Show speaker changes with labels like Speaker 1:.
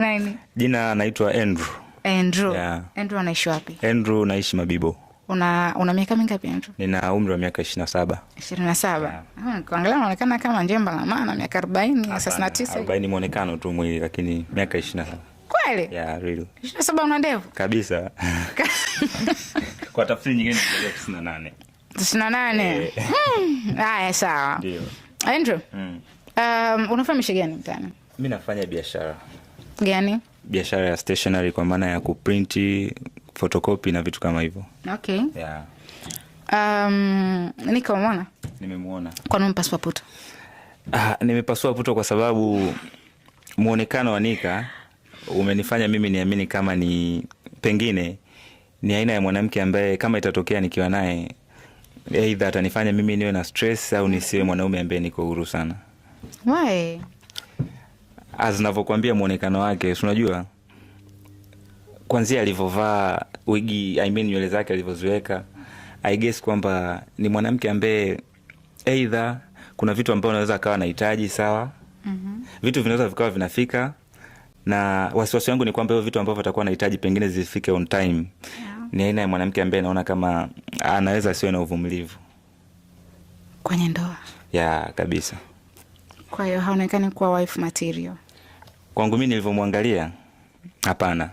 Speaker 1: Nani?
Speaker 2: Jina naitwa Andrew. Andrew. Yeah.
Speaker 1: Andrew anaishi wapi?
Speaker 2: Andrew naishi Mabibo.
Speaker 1: Una una miaka mingapi Andrew?
Speaker 2: Nina umri wa miaka 27.
Speaker 1: 27. Yeah. saba. Ah, kuangalia unaonekana kama njemba la maana miaka 40, tisa.
Speaker 2: Arobaini mwonekano tu mwili lakini miaka 27. Kweli? Yeah, really. una ndevu? Kabisa.
Speaker 3: Kwa tafsiri nyingine ni 98.
Speaker 1: nane. Eh. Hmm. Haya, sawa. Ndio. Andrew. Mm. Um, unafanya mishi gani mtaani?
Speaker 2: Mimi nafanya biashara gani? Biashara ya stationery kwa maana ya kuprinti, photocopy na vitu kama hivyo. Okay. Yeah.
Speaker 1: Um, nikamwona Nimemwona. Kwa nini puto?
Speaker 2: Ah, nimepasua puto kwa sababu mwonekano wa Nika umenifanya mimi niamini kama ni pengine ni aina ya mwanamke ambaye kama itatokea nikiwa naye eidha atanifanya mimi niwe na stress au nisiwe mwanaume ambaye niko huru sana. Why? Ah, zinavyokuambia mwonekano wake, si unajua kwanzia alivyovaa wigi, I mean nywele zake alivyoziweka, I kwamba ni mwanamke ambaye eidha kuna vitu ambayo anaweza akawa nahitaji sawa. Mm -hmm. Vitu vinaweza vikawa vinafika na wasiwasi wangu ni kwamba hivyo vitu ambavyo atakuwa nahitaji pengine zifike on time. Yeah. Ni aina ya mwanamke ambaye naona kama anaweza asiwe na uvumilivu kwenye ndoa. Ya, yeah, kabisa.
Speaker 1: Kwa hiyo haonekani kuwa wife material.
Speaker 2: Kwangu mi nilivyomwangalia, hapana.